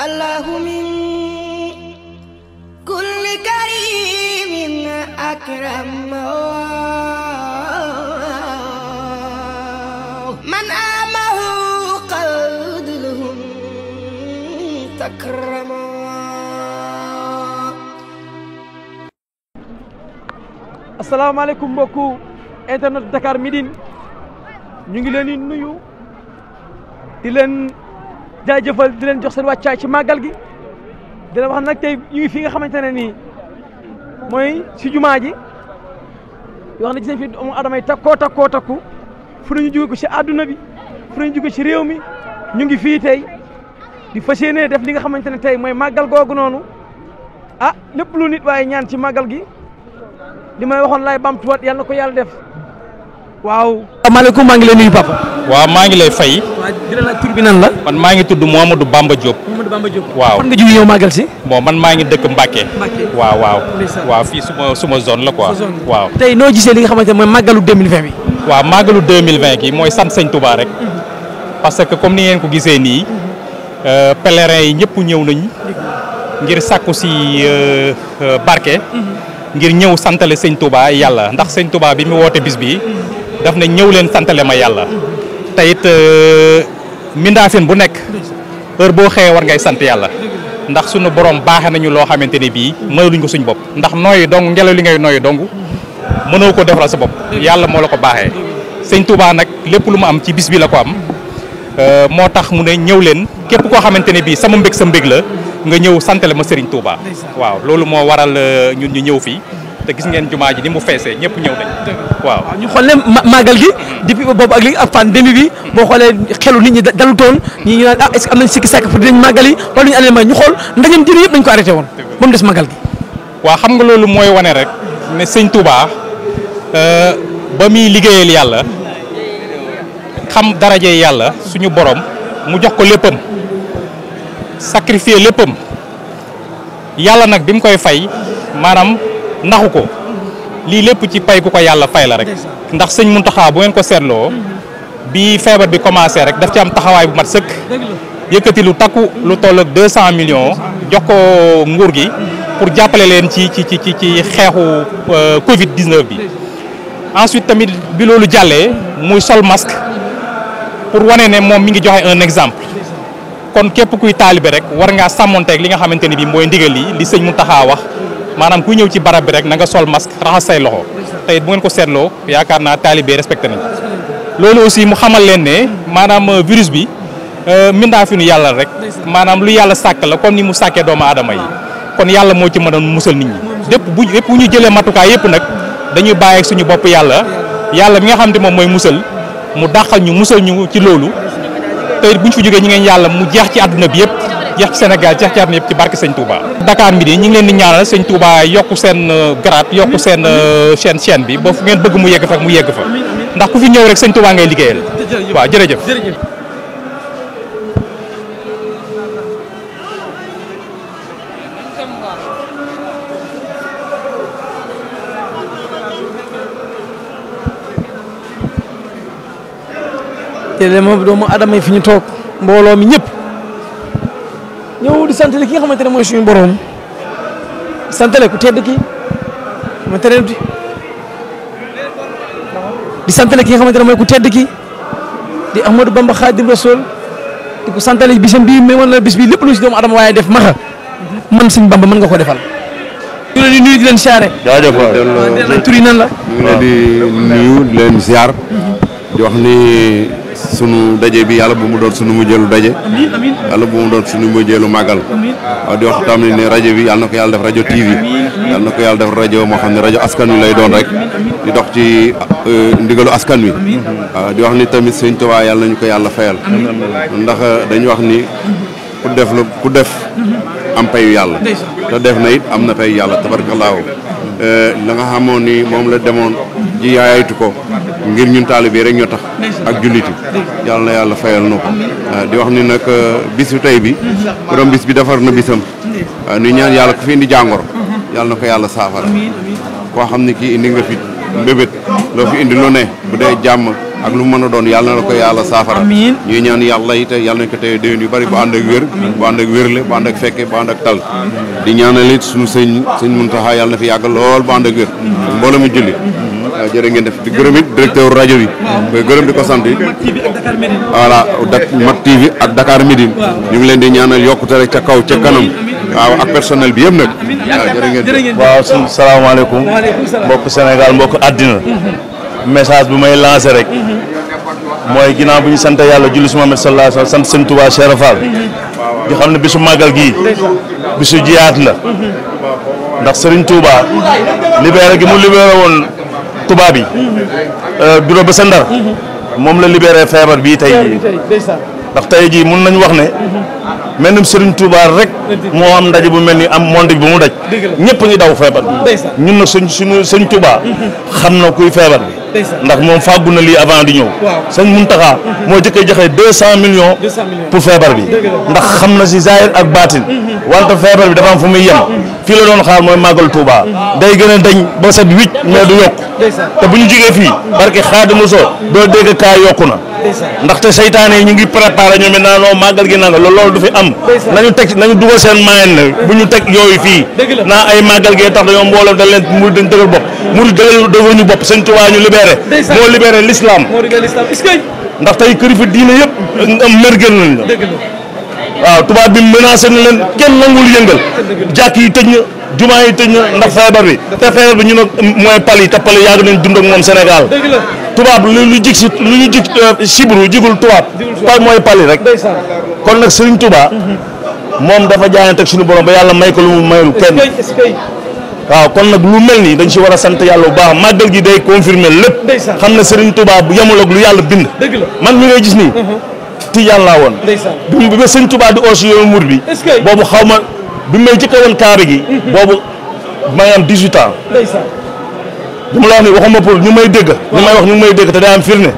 الله من كل كريم أكرم من آمه قلد لهم تكرم asalaamaaleykum mbokku internet Dakar Midi ñu ngi leen di nuyu di leen jaajëfal di leen jox seen wàccaay ci màggal gi dina wax nag tey ñu ngi fi nga xamante ne nii mooy si jumaa ji wax na ci seen fi mu adama yi takkoo takkoo takku fu ñu jóge ko si àdduna bi fu ñu jóge si réew mi ñu ngi fii tey di fas yéene def li nga xamante ne tey mooy màggal googu noonu ah lépp lu nit waaye ñaan ci màggal gi li may waxoon laay bamtuwaat yàlla na ko yàlla def waaw. asalaamaaleykum maa ngi lay nuyu papa. waaw maa ngi lay fay. waaw la. man maa ngi tudd moom Bamba Diop. Momadou Bamba Diop waaw fan nga jógee yow màggal si. bon man maa ngi dëkk Mbacke. waaw waaw. waaw fii su suma suma zone la ko waaw tey noo gisee li nga xamante ne mooy màggalu 2020 bi. waaw màggalu 2020 gi mooy sant sëñ Touba rek. Mhm. parce que comme ni ngeen ko gisee nii. Mhm. Euh, pèlerins yi ñëpp ñëw nañ ngir sàkku si euh, euh, barke. Mhm. ngir ñëw santale sëñ tubaa yàlla ndax sëñ tubaa bi mu woote bis bi daf ne ñëw leen santale ma yàlla. te mindaafin bu nekk heure boo xëyee war ngay sant yàlla ndax suñu borom baaxe nañu loo xamante ni bii mënaluñ ko suñ bopp ndax nooyi dong ngelaw li ngay nooyi dong mënoo ko defaral sa bopp yàlla moo la ko baaxee sëñ Touba nag lépp lu ma am ci bis bi la ko am euh, moo tax mu ne ñëw leen képp koo xamante ne bii sama mbég sa mbég la nga ñëw santale ma Serigne Touba waaw loolu moo waral euh, ñun ñu ñëw fii te gis ngeen jumaa ji ni mu feesee ñëpp ñëw nañ waaw ñu xool ne màggal gi depuis boobu ak léegi ak pandémie bi boo xoolee xelu nit ñi dalu ñu naan ah est-ce que am nañ sikki sàkk pour dinañ màggal yi wala ñu année ma ñu xool ndajeem diine yëpp dañ ko arrêté woon ba mu des màggal gi waaw xam nga loolu mooy wane rek ne sëñ Touba euh, ba muy liggéeyal yàlla xam daraje yàlla suñu boroom mu jox ko léppam sacrifier léppam yàlla nag bi mu koy fay maanaam naxu ko lii lépp ci pay ku ko yàlla fay la rek ndax sëñ Muntaxa bu ngeen ko seetloo mhm. bi feebar bi commencé rek daf ci am taxawaay bu mat sëkk yëkkati lu takku lu toll ak deux cent millions jox ko nguur gi pour jàppale leen ci ci ci ci ci xeexu euh, Covid 19 bi ensuite tamit bi loolu jàllee muy sol masque pour wane ne moom mi ngi joxe un exemple kon képp kuy taalibe rek war ngaa sàmmonteeg li nga xamante ni bi mooy ndigal yi li sëñ Muntaxa wax maanaam ku ñëw ci barab bi rek nanga nga sol masque raxas say loxo te it bu ngeen ko seetloo yaakaar naa taalibe respecté nañ loolu aussi mu xamal leen ne maanaam euh, virus bi euh, mindaa fi nu yàlla rek maanaam lu yàlla sàkk la comme ni mu sàkkee doomu adama yi kon yàlla moo ci mën a musal nit ñi lépp bu lépp bu ñu jëlee matukaay yëpp nag dañuy bàyyi suñu bopp yàlla yàlla bi nga xam ne moom mooy musal mu dàqal ñu musal ñu ci loolu te bu ñu fi jógee ñi ngeen yàlla mu jeex ci àdduna bi yëpp jeex ci Sénégal jeex ci àdduna yëpp ci barke sëñ Touba. Dakar Midi ñu ngi leen di ñaanal sëñ Touba yokku seen euh, grade yokku seen seen euh, chaîne bi ba fu ngeen bëgg mu yegg fa mu yegg fa ndax ku fi ñëw rek sëñ Touba ngay waa waaw jërëjëf te moom doomu adama yi fi ñu toog mbooloo mi ñëpp sant li ki nga xamante ne mooy suñu borom sant le ku tedd ki di sant le ki nga xamante ne mooy ku tedd ki di Ahmadou Bamba Khadim Rasoul di ko santale bisam bii mais man la bis bii lépp lu si doomu adama waaye def maxa man suñ Bamba mën nga ko defal. ñu di nuyu di leen siyaare. la. ñu sunu daje bi yàlla bu mu doon sunu mujjeelu daje yàlla bu mu doon sunu mujjeelu màggal waaw di wax tam ni rajo bi yàlla na ko yàlla def rajo TV yàlla na ko yàlla def rajo moo xam ne rajo askan wi lay doon rek di dox ci euh, ndigalu askan wi waaw di wax ni tamit sëñ Tuubaa yàlla nañu ko yàlla fayal ndax dañu wax ni ku def la ku def am payu yàlla te def na am na payu yàlla tabarakallaahu euh, la nga xamoon ni moom la demoon ji yaayatu ko ngir ñun taalibe yi rek ñoo tax ak julliti yàlla na yàlla fayal na ko euh, di wax ni nag euh, bisu tey bi borom bis bi defar na bisam nu euh, ñaan yàlla ku fi indi jàngoro mhm. yàlla na ko yàlla saafara koo xam ne kii indi nga fi mbébét loo fi indi lu ne bu dee jàmm ak lu mën a doon yàlla na ko yàlla saafara ñu ñaan yàlla it yàlla na ko tey déwén yu bari bu ànd ak wér bu ànd ak wérle bu ànd ak fekke bu ànd ak tal di ñaanal it suñu sëñ sëñ Muntaxa yàlla na fi yàgg lool bu ànd waaw jërë ngeen def di gërëm it directeur rajo bi. waaw gërëm di ko sant yi. voilà Mak TV ak dakaar Midi. ñu ngi leen di ñaanal yokkute rek ca kaw ca kanam. waaw ak personnel bi yëpp nag. waaw jërë ngeen waaw salaamaaleykum. mbokk Sénégal mbokk àddina. Mm-hmm. message bu may lancer rek. Mm-hmm. mooy ginaaw bu ñu sant yàlla julli su Muhammad sallallahu alayhi wa sallam sant sëñ Touba Cheikh Fall mm-hmm. di xam ne bisu màggal gii bisu jiyaat la ndax Serigne Touba libéré gi mu libéré woon tubaab yi. Euh, bureau ba sa ndar. moom la libéré feebar bii tey jii. ndax tey jii mun nañu wax ne. mel ni Serigne Touba rek. moo am ndaje bu mel ni am monde bi mu daj. ñëpp ngi daw feebar bi. ñun na suñ suñu Serigne Touba. xam na kuy feebar bi. ndax moom fàggu na lii avant di ñëw sëñ Muntaxa moo jëkkee joxe deux cent millions pour feebar bi ndax xam na si zahir ak baatin mhm. wante feebar bi dafa am fu muy yem fii la doon xaar mooy màggal Touba ah. day gën a dañ ba set huit mais du yokk te bu ñu jógee fii barke Xaadimu Rasuul doo dégg kaa yokku na ndaxte seytaane yi ñu ngi préparé ñu maintenant non màggal gi nanga loolu loolu du fi am nañu teg nañu dugal seen maayen ne bu ñu teg yooyu fii naa ay màggal gee tax libéré. moo libéré l'islam. moo libéré l'islam est ndax tey kilifa diine yëpp mer gën na la. waaw tubaab bi menacé na leen kenn nangul yëngal. jàkk yi tëj na jumaa yi tëj na ndax feebar bi. te feebar bi ñu ne mooy pal yi te pal yi yàgg nañ dund ak moom Sénégal. tubaab lu lu jig si lu ñu jig euh, sibru jigul tubaab. pal mooy pali rek. kon nag Serigne Touba. Mhm. moom dafa jaayante ak suñu borom ba yàlla may ko lu mu mayul kenn. waaw kon nag lu mel nii dañ si war a sant yàlla bu baax màggal gi day confirmer lépp. xam na Serigne Touba bu yemul ak lu yàlla bind. man mi ngay gis nii. Uh-huh. Tijaan laa woon. bi bi ba Serigne Touba di oosu yoonu mur bi. boobu xaw ma bi may jëkk woon kaaba gi. Uh-huh. boobu ma ngi am 18 ans. dama la wax ni waxuma pour ñu may dégg. ñu may wax ñu may dégg te day am firnde.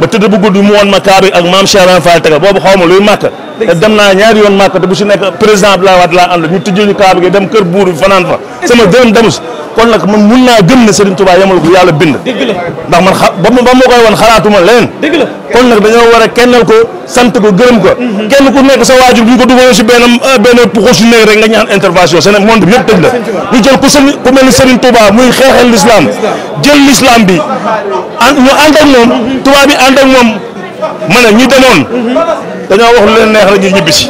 ba tëdd bu gudd mu woon ma kaa bi ak maam Cheikh Ibrahima tegal boobu xaw ma luy màkk. te dem naa ñaar yoon màkk te bu si nekk président Abdoulaye Wade laa ànd ñu tijjee ñu kaa bi dem kër buur fanaan fa. sama dërëm demus kon nag man mun naa gëm ne Serigne Touba yemal ko yàlla bind. ndax man xa ma ba ma koy wan xalaatuma leen. kon nag dañoo war a kennal ko sant ko gërëm ko. Mhm. kenn ku nekk sa waajur bu ñu ko dugaloon si benn euh, benn poxu nekk rek nga ñaan intervention seen monde bi yëpp tëj la. ñu jël ku seen ku mel muy xeexal l'islam jël l'islam bi. ñu ànd ak moom. Mhm. Touba bi ànd ak moom. ma ne ñi demoon dañoo wax lu leen neex rek ñu ñibbisi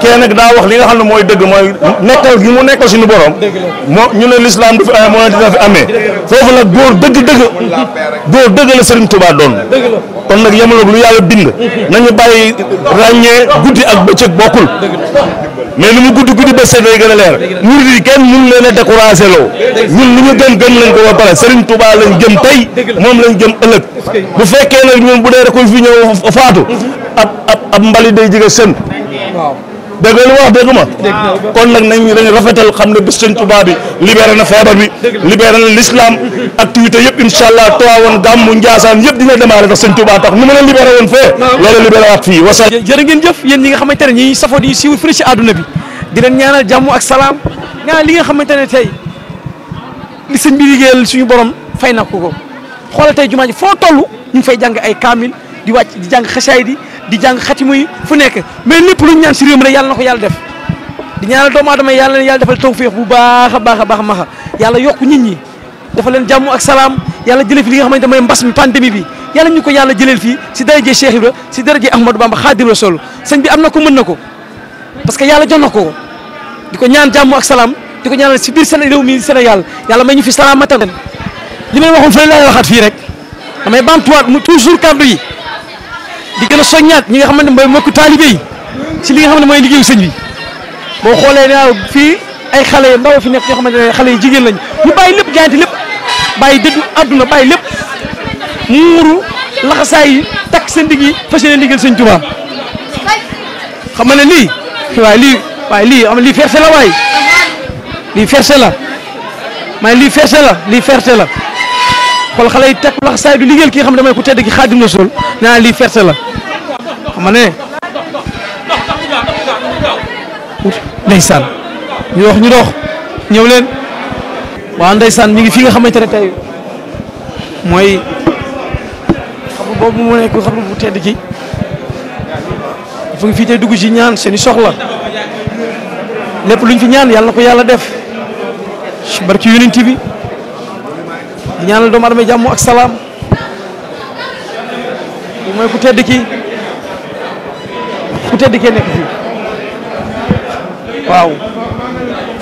kee nag daa wax li nga xam ne mooy dëgg mooy nekkal gi mu nekkal suñu borom moo ñu ne lislaam du fi amee ah, moo ne dina fi amee foofu nag góor dëgg-dëgg góor dëgg la Serigne Touba doon kon nag yemaloog lu yàlla bind nañu bàyyi ràññee guddi ak bëccëg bokkul mais lu mu gudd guddi ba seen day gën a leer murid yi kenn mun leen a découragé loo ñun lu ñu gën gën lañ ko ba pare Serigne Touba lañ jëm tey moom lañ jëm ëllëg bu fekkee nag ñun bu dee rek fi ñëw faatu ab ab ab mbali day jege sën dégg lu wax dégg kon nag nañ dañ rafetal xam ne bés sëñ Tuubaa bi na feebar bi libéré na l'islam activité yëpp incha allah Tiwaawan Gàmmu Njaasaan yëpp dina démarré ndax sëñ Tuubaa tax nu mu leen libéré woon fee loolu libéré waat fii wasa jërë ngeen jëf yéen ñi nga xamante ne ñi safoo di siiw fii ci àdduna bi di leen ñaanal jàmm ak salaam ñaanal li nga xamante ne tey li sëñ bi suñu borom fay na ko ko xoolal tey jumaa ji foo toll ñu fay jàng ay kaamil di wàcc di jàng xasaay di di jàng xatimu yi fu nekk mais lépp lu ñu ñaan si réew mi rek yàlla na ko yàlla def di ñaanal doomu aadama yàlla na defal defal tawféex bu baax a baax a baax maxa yàlla yokk nit ñi dafa leen jàmm ak salaam yàlla jëlee fi li nga xamante mooy mbas mi pandémie bi yàlla ñu ko yàlla si daraje Cheikh Ibra si daraje Ahmadou Bamba Xaadimu bi am na ko mën na ko parce que yàlla jox na ko di ko ñaan jàmm ak salaam di ko ñaanal si biir seen réew mi Sénégal yàlla may ñu fi salaamatan li may waxoon fële laay waxaat fii rek damay bamtuwaat toujours kàddu yi di gën a soññaat ñi nga xamante ne mooy mbokku taalibe yi ci li nga xam ne mooy liggéeyu sëñ bi boo xoolee ne fii ay xale yu ndaw fi nekk ñoo xamante ne xale yu jigéen lañ ñu bàyyi lépp jaayante lépp bàyyi dëddu àdduna bàyyi lépp muuru laxasaay yi takk seen digg yi fas yéene liggéeyal sëñ Tuubaa xam nga ne lii waaye lii waaye lii am lii fierté la lii fierté la may lii fierté la lii fierté la xool xale yi teg lax saay du liggéeyal ki nga xam ne may ku tedd ki xaadim na sol nee naa lii ferte la xam ne ndeysaan ñu dox ñu dox ñëw leen waaw ndeysaan ñu ngi fi nga xamante ne tey mooy xam nga boobu mu nekk xam nga bu tedd ki dafa ngi fii tey dugg ci ñaan seeni i soxla lépp luñ fi ñaan yàlla na ko yàlla def ci barki yonent bi di ñaanal doomu aadama jàmm ak salaam mooy ku tedd ki ku tedd kee nekk fii waaw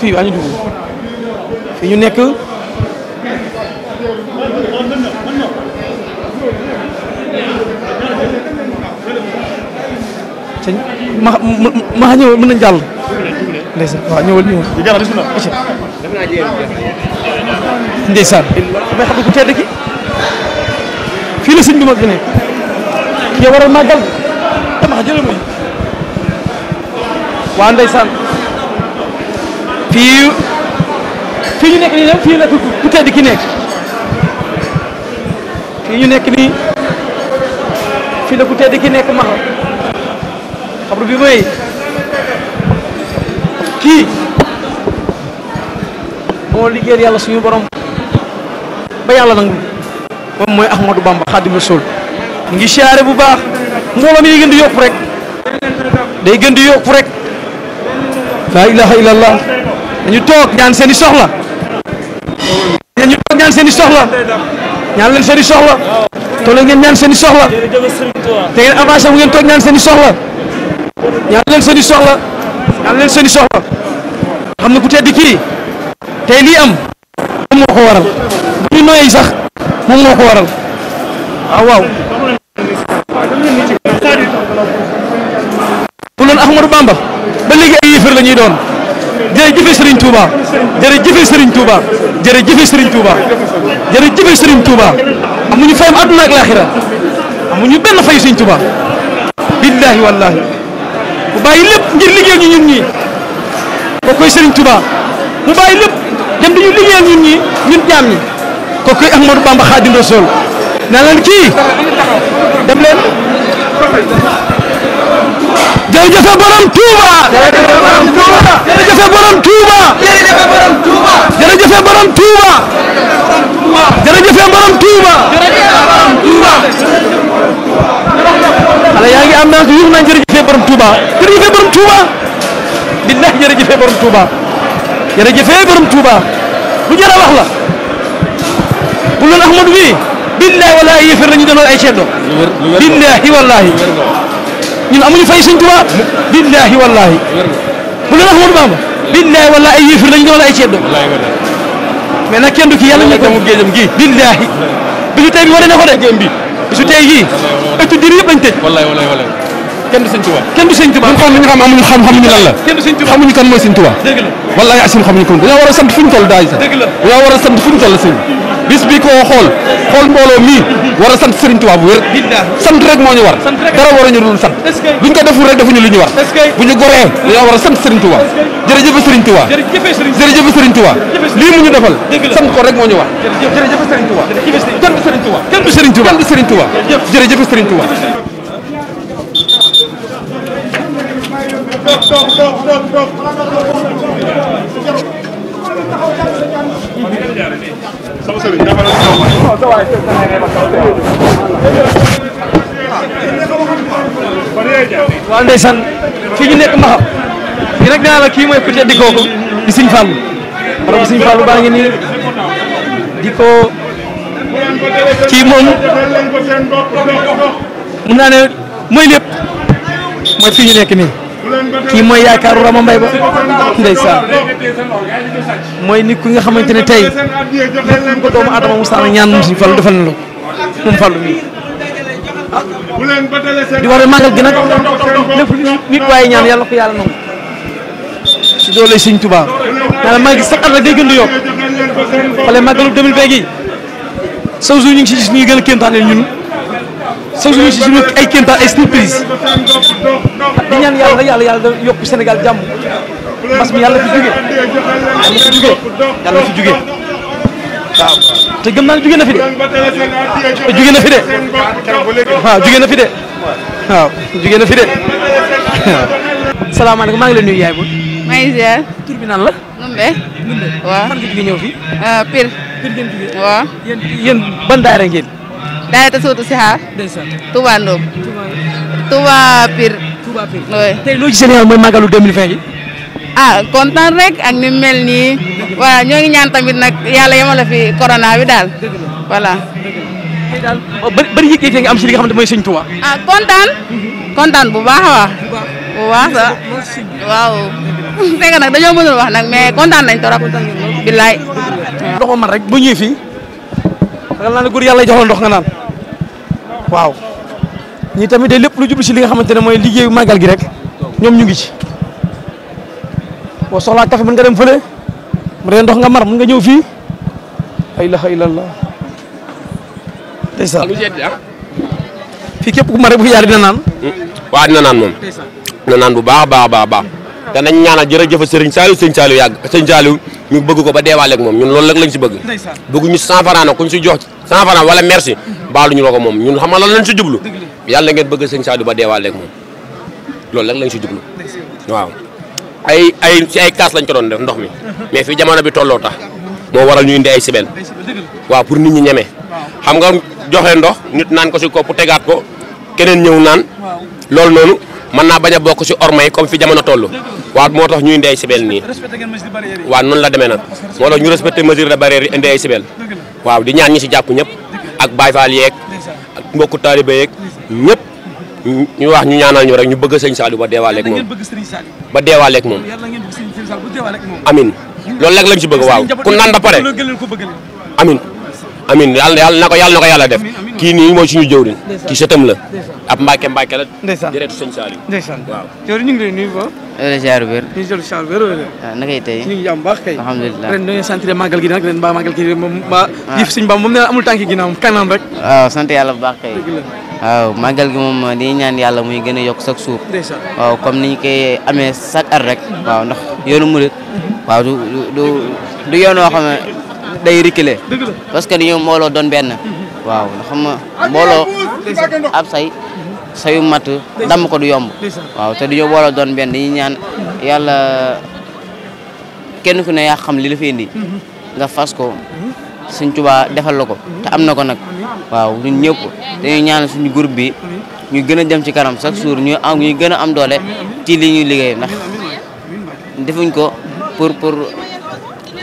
fii waa ñu dugg fii ñu nekk te ma ma ma ñëwal mën nañu jàll. ndeysaan waaw ñëwal ñëwal. ndeysaan. damay xam ne ku tedd ki fii la sëñ bi waa ndeysaan fii fii ñu nekk nii nag fii ki nekk ñu nekk nii fii la ku tedd ki nekk maxa xabru bi mooy kii moo liggéeyal yàlla suñu borom ba yàlla nangu moom mooy Ahmadou Bamba Xaadimu Rasuul ngi siyaare bu baax mbooloo mi day gën di yokku rek day gën di yokku rek laa ilaha illallah dañu toog ñaan toog ñaan seeni soxla ñaan leen seen i soxla toog ngeen ñaan seen soxla te ngeen avancé bu ngeen toog ñaan seeni i soxla ñaan leen seen i soxla ñaan leen seen i soxla xam ne ku tedd kii tey lii am moo ko bu ñu noyyi sax moom moo ko waral ah, waaw waaw. bu doon Ahmadou ba léegi ay yéefar la doon jërëjëf Serigne Touba jërëjëf Serigne Touba jërëjëf Serigne Touba jërëjëf Serigne Touba amuñu fayam àdduna ak amuñu benn fay Serigne Touba. billaahi wallaahi bu bàyyi lépp ngir liggéeyal ñu ñun ñii boo koy Serigne Touba mu bàyyi lépp dem dañu liggéeyal ñun ñii ñun jaam ñi. ko kuy Ahmadou Bamba Xaadim Rasuul na leen kii dem leen jërëjëf borom Touba jërëjëf borom Touba jërëjëf borom Touba jërëjëf borom Touba jërëjëf borom Touba jërëjëf borom Touba xale yaa ngi am naa yuux naa jërëjëf borom Touba jërëjëf borom Touba billahi jërëjëf borom Touba jërëjëf borom Touba lu jar a wax la bu loon Ahmadu mii billahi wallahi yéefar la ñu doonal ay ceddo billahi wallahi ñun amuñu fay Sëñ Tuubaa billahi wallahi bu loon Ahmadu Bamba billahi wallahi ay yéefar la ñu doonal ay ceddo mais nag kenn du ki yàlla ñu ko géejam gi billahi bisu tey bi wane na ko de géem bi bisu tey gi ëttu dir yëpp lañ tëj wallahi wallahi wallahi kenn du Sëñ Tuubaa kenn du Sëñ Tuubaa ñu xam ñu xam amuñu xam xamuñu lan la kenn du Sëñ Tuubaa xamuñu kan mooy Sëñ Tuubaa dëgg la wallahi asim xamuñu ko dañoo war a sant fuñu toll daay sax dëgg la dañoo war a sant fuñu toll sëñ bis koo xool xool mbooloo mii war sant Serigne Touba bu wér sant rek moo ñu war dara war a ñu dul sant luñ ko deful rek defuñu lu ñu war bu ñu goree dañoo war a sant Serigne Touba jërëjëf Serigne Touba jërëjëf lii mu ñu defal sant ko rek moo ñu war jërëjëf Serigne Touba kenn du Serigne Touba kenn sëriñ dafa la ñu waaw ndeysaan fii nekk Mbaxaw la kii mooy ku tedd kooku di Sëriñ Fallu borom baa ngi nii di ko kii moom mun naa ne mooy nekk nii kii mooy yaakaaru Rama Mbaye ba ndeysaan mooy nit ku nga xamante ne tey lépp lu ko doomu aadama mu saana ñaan moom suñu Fallu defal na la ko moom Fallu mii di wax ne màggal gi nag lépp nit waaye ñaan yàlla ko yàlla nangu si doole Sëñ Tuubaa naa la maa ngi sax at rek day gën di yokk xale màggalu 2020 gi saw ñu ngi si gis ñuy gën a kéemtaane ñun so ñu si suñu ay kéemtaan ay surprise di ñaan yàlla yàlla yàlla yokk Sénégal jàmm mbas mi yàlla fi jugee yàlla fi jugee yàlla fi na fi de jugee na fi de waaw jugee na fi de waaw jugee maa ngi leen nuyu yaay ma. maa ngi ziar. la. Numbe. Numbe ñëw fii. Ah, Pire. Pire ngeen ngeen. daayira Tasawudu Sixaar. Touba Ndom. Touba Pire. Touba Pire tey loo gisee ne mooy màggalu 2020 yi. ah kontaan rek ak ni mel nii. voilà ñoo ngi ñaan tamit nag yàlla yemale fi corona bi daal. voilà. tey daal oh, bëri yëg-yëg nga am si li nga xamante mooy sëñ Touba. Ah, kontaan. kontaan bu baax a baax. bu baax a waaw. fekk nag dañoo mënul wax nag mais kontaan nañ trop. billaay. ndox ma man rek bu ñëwee fii. yàlla joxoon ndox nga naan. waaw ñu tamit de lépp lu jublu si li nga xamante ne mooy liggéeyu màggal gi rek ñoom ñu ngi ci boo soxlaa café mën nga dem fële mu dee ndox nga mar mën nga ñëw fii ay la ay la la ndeysaan ah. fii képp ku mare bu fi jaar dina naan hmm. waaw dina naan moom dina naan bu baax baax baax baax te nañ ñaanal jërëjëf sëriñ Saliou sëriñ Saliou yàgg sëriñ Saliou ñu bëgg ko ba deewaaleeg moom ñun loolu rek lañ si bëgg bëgg ñu cent francs nag kuñ si jox cent francs wala merci ñu la ko moom ñun xam nga lan lañ si jublu yàlla ngeen bëgg sëñ Sadio ba deewaale ak moom loolu rek lañ si jublu waaw ay ay si ay kaas lañ ko doon def ndox mi mais fi jamono bi tolloo tax moo waral ñu indi ay sibel waaw pour nit ñi ñeme xam nga joxe ndox nit naan ko si kopp tegaat ko keneen ñëw naan loolu noonu mën naa bañ a bokk si orma yi comme fi jamono toll waaw moo tax ñu indi ay sibel nii waaw noonu la demee nag moo tax ñu respecté mesure de barrière yi indi ay sibel waaw di ñaan ñi si jàpp ñëpp ak Baay Faal yeeg ak mbokku taalibe yeeg ñëpp ñu wax ñu ñaanal ñu rek ñu bëgg sëñ saali ba deewaaleeg moom ba deewaaleeg moom amin loolu rek lañ si bëgg waaw ku naan ba pare amin amin yàlla na ko yàlla na ko yàlla def kii nii mooy suñu jëwriñ kii la ab mbàkke mbàkke la direetu sëñ Saliou ndeysaan waaw jëwriñ ñu ngi lay nuyu ba wala jaar wér ñu jël jaar wér wala ah, naka tey ñu ngi jàmm baax kay alhamdulilah ren dañoo sentir màggal gi nag ren ba màggal gi moom ba jëf ah. sëñ ñaan yàlla muy gën a yokk chaque jour waaw comme niñ koy amee chaque at rek waaw mhm. du du du day reculer. parce que dañoo mbooloo doon benna waaw xam nga ah, mbooloo. ab say sayu matt damm ko du yomb. waaw te dañoo mbooloo doon benn dañuy ñaan yàlla kenn ku ne yaa xam li la fi mhm. fas ko. suñ Tuubaa defal la ko te am na ko nag waaw ñun ñëpp dañuy ñaanal suñu groupe bi ñu gën a jëm ci kanam chaque jour ñu am ñu gën a am doole ci li ñuy liggéey ndax defuñ ko pour pour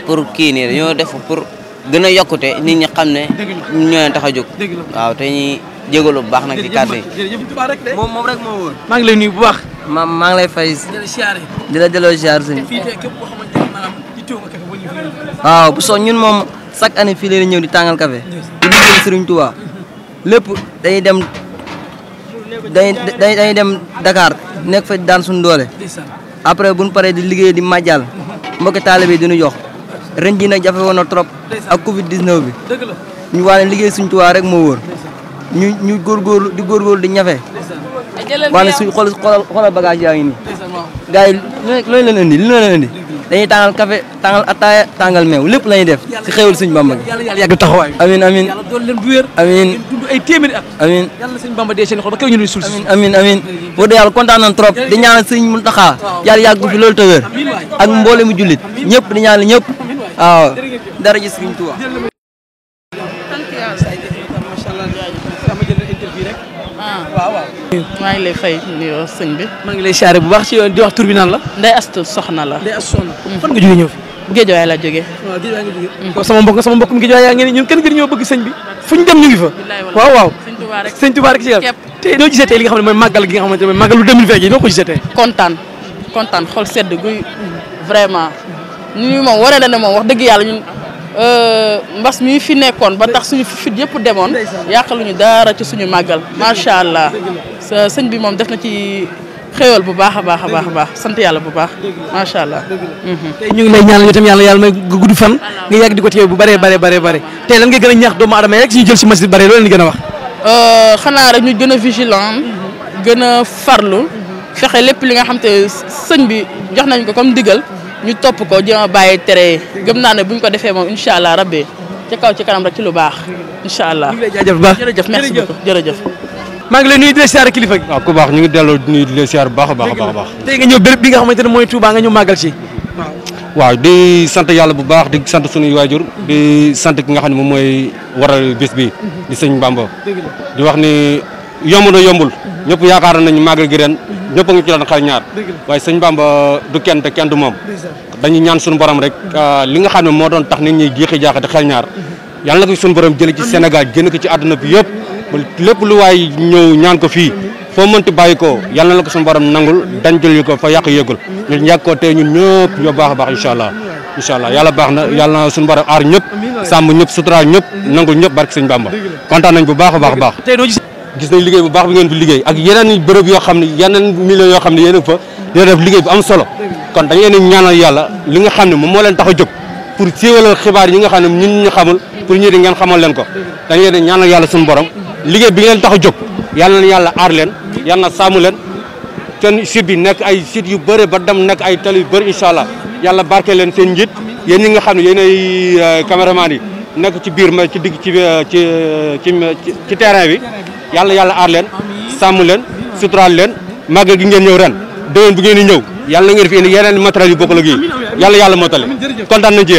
pour kii nii dañoo def pour gën a yokkute nit ñi xam ne ñoo leen tax a jóg waaw te ñi jégalu bu baax nag ci kàddu moom moom rek moo maa ngi lay nuyu bu baax ma maa ngi lay fay di la delloo ziar waaw bu soo ñun moom chaque année fii leen ñëw di tàngal café di liggéey Serigne Touba lépp dañuy dem dañuy dañuy dem Dakar nekk fa daan suñu doole après bun pare di liggéey di màjjal mbokki taalibe yi diñu jox ren jii nag jafe woon na trop ak Covid 19 bi ñu waane liggéey suñ tuwaa rek moo wóor ñu ñu góorgóorlu di góorgóorlu di ñafe waane suñ xool xoolal bagage yaa ngi nii gars yi looñu leen indi li loo leen indi tàngal café lépp la ñuy def si xéwal suñ bamba gi amin amin amin amin amin amin boo dee yàlla kontaan nañ trop di ñaanal sëñ Muntaxa yàlla yàggu fi loolu te wér ak mboolemu jullit ñëpp di ñaanal ñëpp waaw dara ji Sëriñ Tuubaa. Ah. waaw waaw. maa ngi lay fay nuyoo sëñ bi. maa ngi lay siyaare bu baax ci di wax tur bi nan la. Ndeye Astu soxna la. Ndeye Astu soxna. Mm. fan nga jógee ñëw fi. Géejawaay la jógee. waaw Géejawaay nga jógee. Mm. kon sama mbokk sama mbokkum Géejawaay yaa ngi ne ñun kenn gën ñoo bëgg sëñ bi fu ñu dem ñu ngi fa. waaw waaw sëñ Tuubaa rek ci yàlla. te doo gisee tey li nga xam ne mooy màggal gi nga xam ne mooy màggalu 2020 gi doo ko gisee tey. kontaan kontaan xol sedd guy vraiment ñu moom waree na ne moom wax dëgg yàlla ñun euh, mbas mi fi nekkoon ba tax suñu fit yëpp demoon yàqaluñu dara ci suñu màggal macha allah sëñ bi moom def na ci xéwal bu baax a baax a baax a baax sant yàlla bu baax macha allah. Mhm. ñu ngi lay ñaanal ñu tam yàlla yàlla may gudd fan nga di ko bu bëree bare bare bëri tey nga gën a ñaax doomu aadama yi rek suñu jël si masjid bare loolu la gën a wax. Euh, xanaa rek ñu gën a vigilant gën a farlu mhm. fexe lépp li nga xam te sëñ bi jox nañ ko comme digal ñu topp ko jéem a bàyyi tere yi naa ne bu ñu ko defee moom incha allah rabbi ci kaw ci kanam rek ci lu baax incha allah. jërëjëf merci beaucoup jërëjëf. maa ngi lay nuyu di la siyaar ku baax ñu ngi delloo nuyu di la siyaar bu baax a baax a baax. tey nga ñëw ci. waaw di sant yàlla bu baax di sant suñuy waajur di sant ki nga xam ne moom mooy waral bis bi di sañ Bamba di wax ni yomb na yombul ñëpp yaakaar nañu màggal gi ren ñëpp a ngi ci ñaar waaye sëñ Bamba du kenn kenn du moom dañuy ñaan suñu borom rek ah, li nga xam ne moo doon tax nit ñi géexi jaaxa di xel yàlla na ko suñu borom jële ci génn ko ci àdduna bi yëpp lépp lu waay ñëw ñaan ko fii foo mënti bàyyi ko yàlla la ko suñu borom nangul danjul yi ko fa yàq yëgul ñun yàgg ñun ñëpp ñoo baax a baax incha allah incha allah yàlla baax na yàlla na suñu borom ñëpp sàmm ñëpp sutura ñëpp nangul ñëpp barke sëñ Bamba kontaan nañ bu baax a baax a baax gis nañ liggéey bu baax bi ngeen fi liggéey ak yeneen bërëb yoo xam ne yeneen millions yoo xam ne yéen fa dina def liggéey bu am solo kon dañ leen ñaanal yàlla li nga xam ne moom moo leen tax jog jóg pour siiwalal xibaar yi nga xam ne ñun ñu xamul pour ñii di ngeen xamal leen ko dañ leen ñaanal yàlla suñu borom liggéey bi ngeen tax a jóg yàlla yàlla aar leen yàlla na sàmm leen seen site bi nekk ay site yu bëre ba dem nekk ay tali yu bëri incha allah yàlla barke leen seen njiit yéen ñi nga xam ne yéen ay euh, caméraman yi nekk ci biir ma ci digg ci euh, euh, ci ci terrain bi yàlla yàlla aar leen sàmm leen suturaal leen màggal gi ngeen ñëw ren déwén bi ngeen di ñëw yàlla ngeen fi indi yeneen matériel yu bokkul ak yii yàlla yàlla mootale kontaan nañ ci